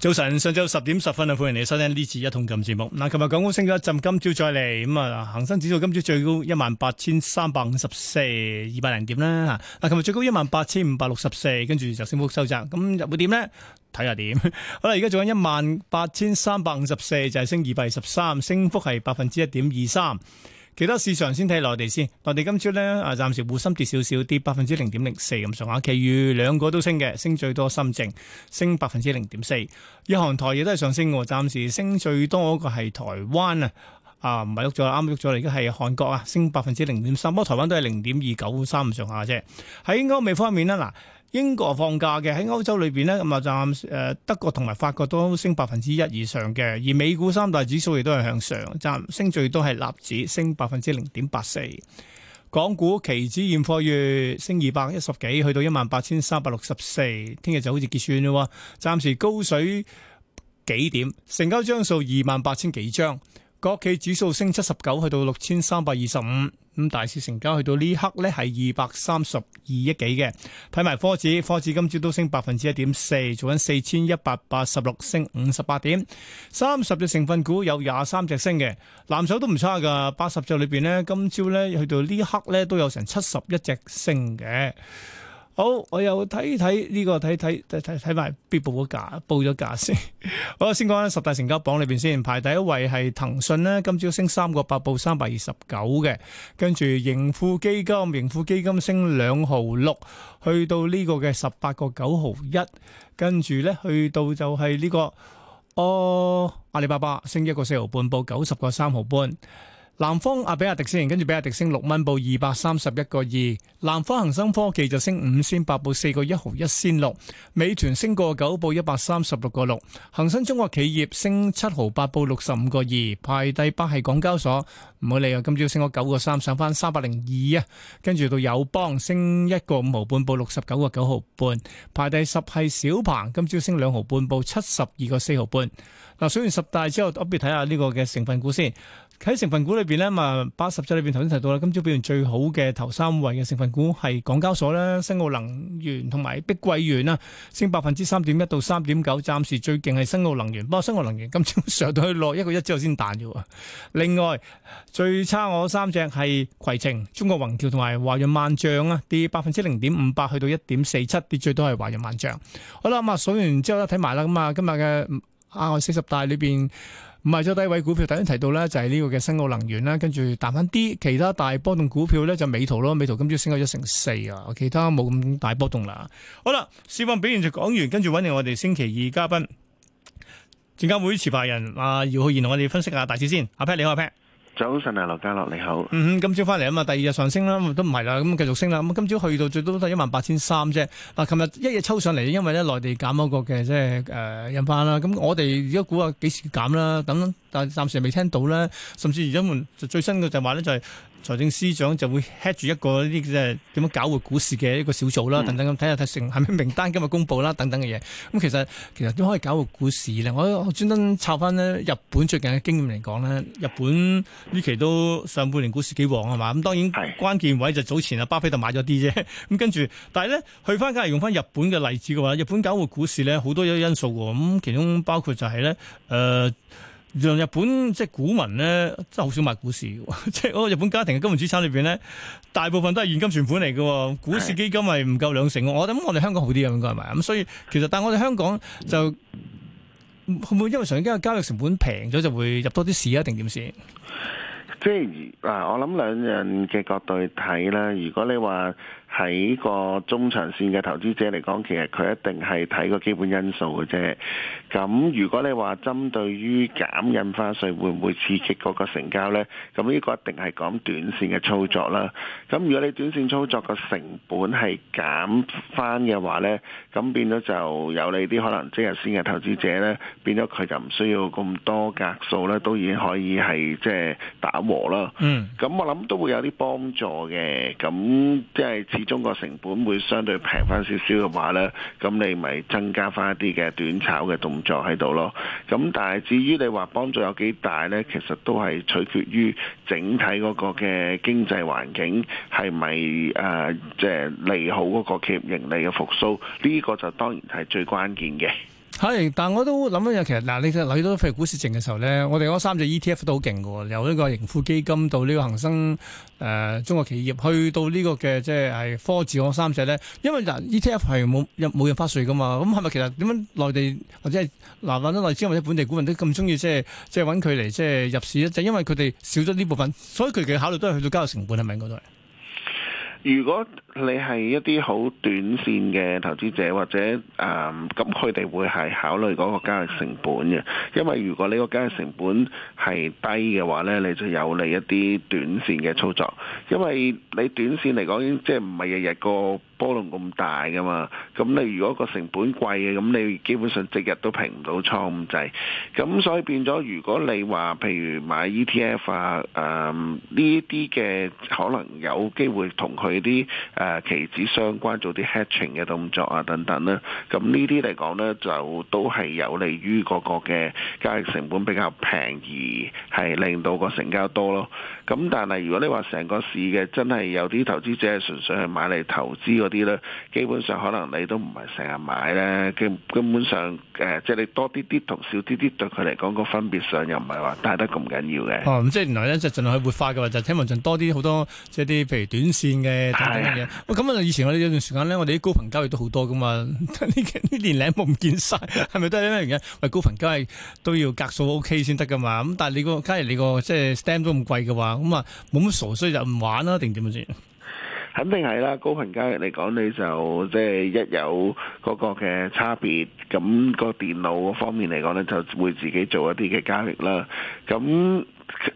早晨，上晝十點十分啊！歡迎你收聽呢次一通鑒節目。嗱，琴日港股升咗一陣，今朝再嚟咁啊！恒生指數今朝最高一萬八千三百五十四，二百零點啦。嗱，琴日最高一萬八千五百六十四，跟住，就升幅收窄。咁又會點呢？睇下點。好啦，而家做緊一萬八千三百五十四，就係升二百二十三，升幅係百分之一點二三。其他市場先睇內地先，內地今朝咧啊，暫時滬深跌少少，跌百分之零點零四咁上下。其餘兩個都升嘅，升最多深證，升百分之零點四。日韓台亦都係上升嘅，暫時升最多嗰個係台灣啊。啊，唔係喐咗啦，啱喐咗啦。而家係韓國啊，升百分之零點三，不過台灣都係零點二九三上下啫。喺歐美方面呢，嗱英國放假嘅，喺歐洲裏邊呢，咁啊暫誒德國同埋法國都升百分之一以上嘅，而美股三大指數亦都係向上，暫時升最多係納指升百分之零點八四。港股期指現貨月升二百一十幾，去到一萬八千三百六十四。聽日就好似結算啦喎，暫時高水幾點？成交張數二萬八千幾張。國企指數升七十九，去到六千三百二十五。咁大市成交去到呢刻呢係二百三十二億幾嘅。睇埋科指，科指今朝都升百分之一點四，做緊四千一百八十六，升五十八點。三十隻成分股有廿三隻升嘅，藍籌都唔差㗎。八十隻裏邊呢，今朝呢去到呢刻呢都有成七十一隻升嘅。好，我又睇睇呢個睇睇睇睇埋必報嘅價，報咗價先。好，先講十大成交榜裏邊先，排第一位係騰訊呢今朝升三個八報三百二十九嘅，跟住盈富基金，盈富基金升兩毫六，去到呢個嘅十八個九毫一，跟住咧去到就係呢個哦阿里巴巴升一個四毫半報九十個三毫半。南方阿比亞迪先，跟住比亞迪升六蚊，報二百三十一個二。南方恒生科技就升五仙八，報四個一毫一仙六。美團升個九，報一百三十六個六。恒生中國企業升七毫八，報六十五個二。排第八係港交所，唔好理啊！今朝升個九個三，上翻三百零二啊。跟住到友邦升一個五毫半，報六十九個九毫半。排第十係小鵬，今朝升兩毫半，半，報七十二個四毫半。嗱，數完十大之後，我哋睇下呢個嘅成分股先。喺成分股裏。邊咧嘛？八十七裏邊，頭先提到啦，今朝表現最好嘅頭三位嘅成分股係港交所咧、新奧能源同埋碧桂園啊，升百分之三點一到三點九，暫時最勁係新奧能源。不過新奧能源今朝上到去落一個一之後先彈咗。另外最差我三隻係攜程、中國宏橋同埋華潤萬象啊，跌百分之零點五八去到一點四七，跌最多係華潤萬象。好啦，咁啊數完之後睇埋啦，咁啊今日嘅阿愛四十大裏邊。唔係咗低位股票，第一提到咧就係呢個嘅新奧能源啦，跟住談翻啲其他大波動股票咧就美圖咯，美圖今朝升咗一成四啊，其他冇咁大波動啦。好啦，市況表現就講完，跟住揾嚟我哋星期二嘉賓，證監會持牌人阿姚浩然同我哋分析下大市先。阿 Pat 你好，阿 Pat。早晨啊，劉家樂你好。嗯哼，今朝翻嚟啊嘛，第二日上升啦，都唔係啦，咁繼續升啦。咁今朝去到最多都係一萬八千三啫。嗱，琴日一夜抽上嚟，因為咧內地減嗰個嘅即係誒印花啦。咁、呃、我哋而家估下幾時減啦？等，等，但係暫時未聽到咧。甚至而家門最新嘅就係話咧就係、是。財政司長就會 head 住一個呢啲，即係點樣搞活股市嘅一個小組啦，等等咁睇下睇成係咪名單今日公布啦，等等嘅嘢。咁其實其實都可以搞活股市咧。我我專登抄翻呢，日本最近嘅經驗嚟講呢，日本呢期都上半年股市幾旺啊嘛。咁當然關鍵位就早前阿巴菲特買咗啲啫。咁跟住，但係呢，去翻梗係用翻日本嘅例子嘅話，日本搞活股市呢好多有因素喎。咁其中包括就係、是、呢。誒、呃。日本即係股民咧，真係好少買股市嘅，即係嗰個日本家庭嘅金融資產裏邊咧，大部分都係現金存款嚟嘅，股市基金係唔夠兩成。我諗我哋香港好啲啊，應該係咪？咁所以其實，但係我哋香港就會唔會因為上而家嘅交易成本平咗，就會入多啲市啊？定點先？即係啊！我諗兩樣嘅角度去睇啦。如果你話，喺個中長線嘅投資者嚟講，其實佢一定係睇個基本因素嘅啫。咁如果你話針對於減印花稅，會唔會刺激嗰個成交呢？咁呢個一定係講短線嘅操作啦。咁如果你短線操作個成本係減翻嘅話呢，咁變咗就有你啲可能即日先嘅投資者呢，變咗佢就唔需要咁多格數呢，都已經可以係即係打和啦。嗯，咁我諗都會有啲幫助嘅。咁即係。以中國成本會相對平翻少少嘅話呢，咁你咪增加翻一啲嘅短炒嘅動作喺度咯。咁但係，至於你話幫助有幾大呢？其實都係取決於整體嗰個嘅經濟環境，係咪誒即係利好嗰個企業盈利嘅復甦，呢個就當然係最關鍵嘅。係，但我都諗翻嘢。其實嗱，你睇睇到譬如股市靜嘅時候咧，我哋嗰三隻 E T F 都好勁嘅。由呢個盈富基金到呢個恒生誒、呃、中國企業，去到呢個嘅即係科指嗰三隻咧。因為嗱 E T F 係冇冇印花稅噶嘛，咁係咪其實點樣內地或者係嗱，或者內地資或者本地股民都咁中意，即係即係揾佢嚟即係入市咧？就因為佢哋少咗呢部分，所以佢哋考慮都係去到交易成本係咪？嗰、應該、都係。如果你係一啲好短線嘅投資者，或者誒咁佢哋會係考慮個交易成本嘅，因為如果你個交易成本係低嘅話咧，你就有利一啲短線嘅操作，因為你短線嚟講，即係唔係日日個波動咁大嘅嘛，咁你如果個成本貴嘅，咁你基本上即日都平唔到倉咁滯，咁所以變咗，如果你話譬如買 ETF 啊，誒呢啲嘅可能有機會同佢。佢啲誒期指相關做啲 hatching 嘅動作啊等等啦，咁呢啲嚟講呢，就都係有利於嗰個嘅交易成本比較平宜，係令到個成交多咯。咁但係如果你話成個市嘅真係有啲投資者係純粹去買嚟投資嗰啲呢，基本上可能你都唔係成日買咧。根本上誒，即、呃、係、就是、你多啲啲同少啲啲對佢嚟講個分別上又唔係話大得咁緊要嘅，啊嗯。即係原來呢，就儘量去活化嘅話就睇、是、問盡多啲好多即係啲譬如短線嘅。誒，等等嘅嘢，咁啊，以前我哋有段時間咧，我哋啲高頻交易都好多噶嘛，呢呢年齡冇唔見晒，係咪都係呢樣嘢？喂，高頻交易都要格數 O K 先得噶嘛？咁但係你個，假如你個即係 stand 都咁貴嘅話，咁啊冇乜傻衰就唔玩啦，定點樣先？肯定係啦，高頻交易嚟講，你就即係一有嗰個嘅差別，咁個電腦方面嚟講咧，就會自己做一啲嘅交易啦。咁呢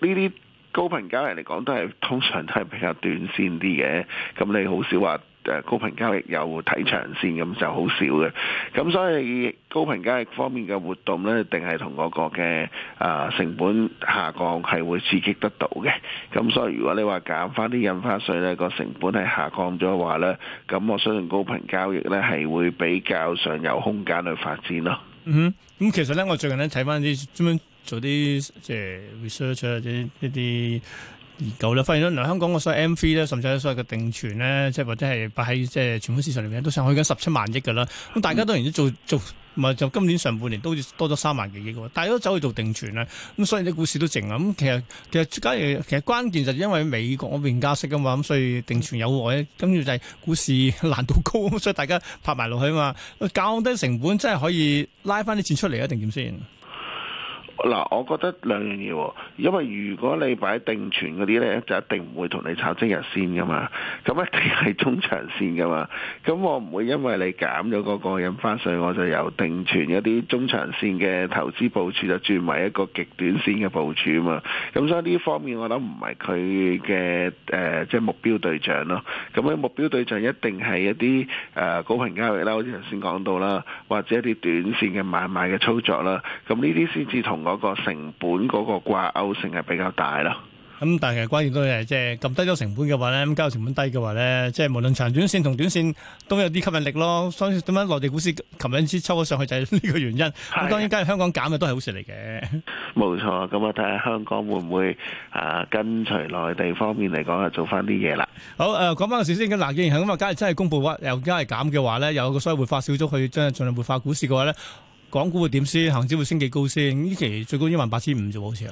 啲。高頻交易嚟講都係通常都係比較短線啲嘅。咁你好少話誒高頻交易又睇長線，咁就好少嘅。咁所以高頻交易方面嘅活動呢，定係同嗰個嘅、呃、成本下降係會刺激得到嘅。咁所以如果你話減翻啲印花稅呢，個成本係下降咗嘅話呢，咁我相信高頻交易呢，係會比較上有空間去發展咯。嗯、嗯，咁其實呢，我最近咧睇翻啲做啲即係 research 或者一啲研究啦，發現香港嘅所謂 M3 咧，甚至所謂嘅定存咧，即係或者係擺喺即係存款市場入面都上去緊十七萬億噶啦。咁大家當然都做做，唔係就今年上半年都多咗三萬幾億喎。大家都走去做定存啊，咁、嗯、所以啲股市都靜啊。咁、嗯、其實其實假如其實關鍵就因為美國嗰邊加息啊嘛，咁所以定存有獲，跟住就係股市難度高，所以大家拍埋落去啊嘛。降低成本真係可以拉翻啲錢出嚟一定點先？嗱，我覺得兩樣嘢，因為如果你擺定存嗰啲咧，就一定唔會同你炒即日線噶嘛，咁一定係中長線噶嘛，咁我唔會因為你減咗、嗰個印花稅，我就由定存一啲中長線嘅投資部署就轉為一個極短線嘅部署啊嘛，咁所以呢方面我諗唔係佢嘅誒，即、呃、係、就是、目標對象咯，咁咧目標對象一定係一啲誒、呃、高頻交易啦，好似頭先講到啦，或者一啲短線嘅買賣嘅操作啦，咁呢啲先至同我。嗰個成本嗰個掛鈎性係比較大咯。咁但係關鍵都係即係咁低咗成本嘅話咧，咁交易成本低嘅話咧，即係無論長短線同短線都有啲吸引力咯。所以點解內地股市琴日先抽咗上去就係呢個原因。咁當然，梗係香港減嘅都係好事嚟嘅。冇錯，咁我睇下香港會唔會啊跟隨內地方面嚟講，係做翻啲嘢啦。好，誒，呃，講翻個事先咁，嗱，既然咁啊，梗係真係公布又梗係減嘅話咧，有個所謂活化小組去將盡量活化股市嘅話咧。港股會點先？恆指會升幾高先？呢期最高一萬八千五啫喎，好似係。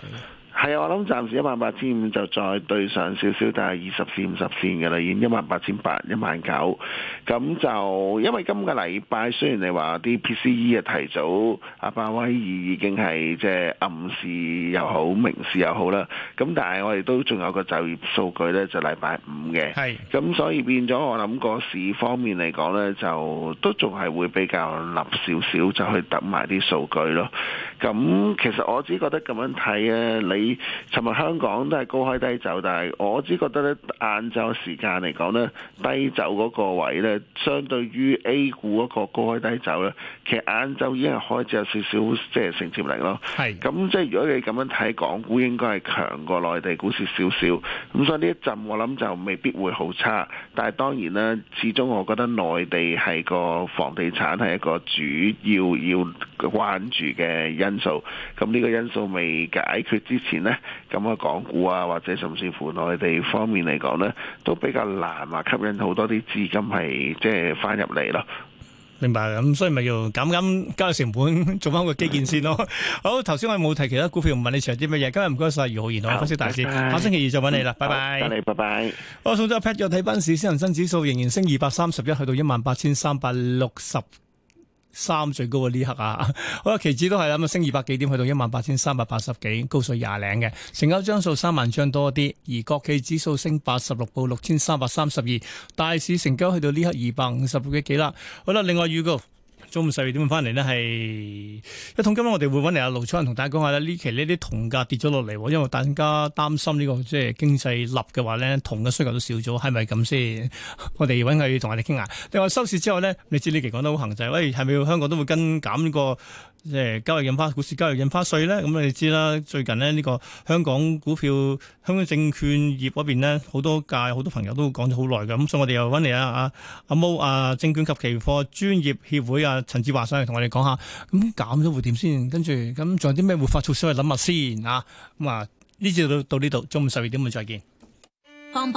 係啊，我諗暫時一萬八千五就再對上少少，但係二十線五十線嘅啦，已經一萬八千八、一萬九，咁就因為今個禮拜雖然你話啲 PCE 啊提早，阿巴威爾已經係即係暗示又好、明示又好啦，咁但係我哋都仲有個就業數據咧，就禮拜五嘅，係咁是的 所以變咗我諗個市方面嚟講咧，就都仲係會比較立少少，就去等埋啲數據咯。咁其實我只覺得咁樣睇啊，你。尋日香港都係高開低走，但係我只覺得咧，晏晝時間嚟講咧，低走嗰個位咧，相對於 A 股嗰個高開低走咧，其實晏晝已經係開始有少少即係承接力咯。係。是，咁即係如果你咁樣睇，港股應該係強過內地股市少少，咁所以呢一陣我諗就未必會好差，但係當然啦，始終我覺得內地係個房地產係一個主要要關注嘅因素，咁、嗯、呢、這個因素未解決之前呢，咁啊港股啊，或者甚至乎內地方面嚟講呢，都比較難話吸引好多啲資金係即係翻入嚟咯。明白，咁所以咪要減減交易成本，做翻個基建先咯。 好，頭先我冇提其他股票，唔問你長啲乜嘢。今日唔該晒，姚浩然好我分析大市，謝謝，下星期二再揾你啦。嗯、拜拜，你，拜拜。我送咗 pat 咗睇翻市，恒生指數仍然升二百三十一，去到一萬八千三百六十。三最高嘅呢刻啊， 好啦，期指都係咁啊，升二百幾點，去到一萬八千三百八十幾，高水廿零嘅，成交張數三萬張多啲，而國企指數升八十六，報六千三百三十二，大市成交去到呢刻二百五十幾億幾啦。 好啦，另外預告。中午十二點翻嚟呢，係一通。今晚我哋會揾嚟阿盧昌同大家講下咧，呢期呢啲銅價跌咗落嚟，因為大家擔心呢、呢個即係經濟立嘅話呢，銅嘅需求都少咗，係咪咁先？ 我哋揾佢同我哋傾下。另外收市之後呢，你知呢期講得好行就係、是，喂，係咪香港都會跟減呢個？即係交易印花，股市交易印花稅咧，咁你知啦。最近呢，呢個香港股票、香港證券業嗰邊呢，好多屆好多朋友都講咗好耐嘅，咁所以我哋又揾嚟啊，阿阿毛啊，證券及期貨專業協會啊，陳、啊、志華上嚟同我哋講下，咁減咗會點先，跟住咁仲有啲咩活化措施去諗下先啊。咁啊，呢節到到呢度，中午十二點會再見。